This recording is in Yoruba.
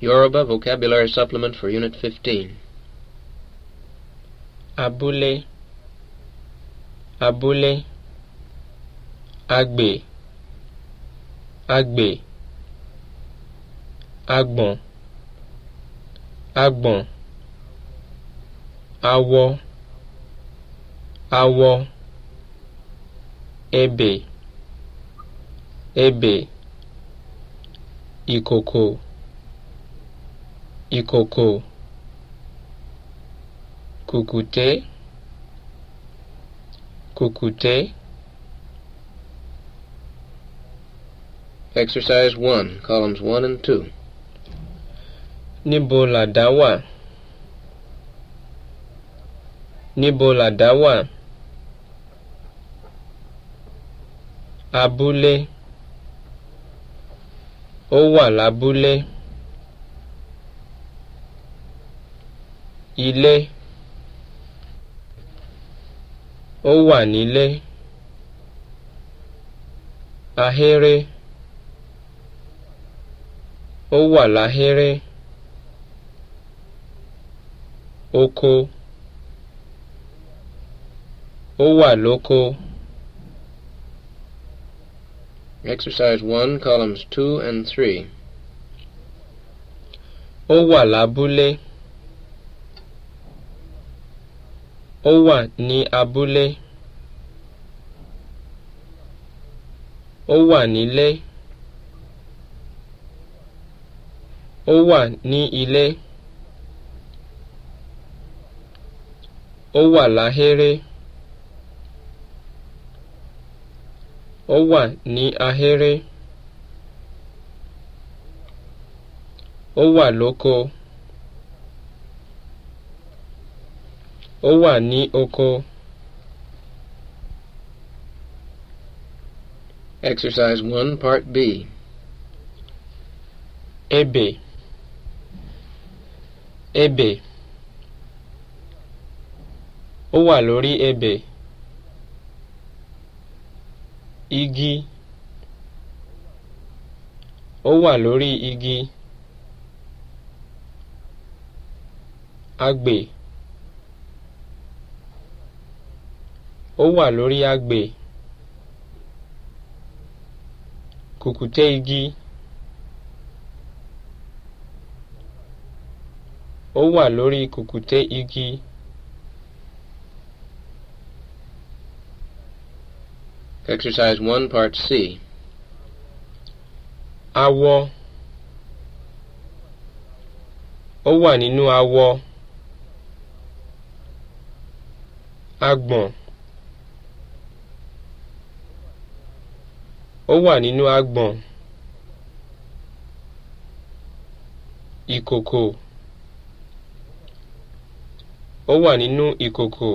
Yoruba Vocabulary Supplement for Unit 15. Abule, Abule, Agbe, Agbe, Agbon, Agbon, Awo, Awo, Ebe, Ebe, Ikoko ìkòkò kùkùté kùkùté. Exercise 1, columns 1 and 2. Nibola dawa, nibola dawa. Abule, wà? Abúlé. Ó wà lábúlé. ilé ó wà nílé ahéré ó wà láhéré oko ó wà lóko. Exercise one, columns two and three. Ó wà lábúlé. Ó wà ní abúlé. Ó wà nílé. Ó wà ní ilé. Ó wà láhéré. Ó wà ní ahéré. Ó wà lóko. ó wà ní oko. Exercise 1, Part B. Ebe. Ebe. Ó wà lórí ebe Igi. Ó wà lórí igi. Agbè. ó wà lórí àgbè kùkùté igi ó wà lórí kùkùté igi. Exercise 1, Part C. Awọ. Ó wà nínú awọ. Agbọ̀n. ó wà nínú agbọ̀n. ìkòkò ó wà nínú ìkòkò.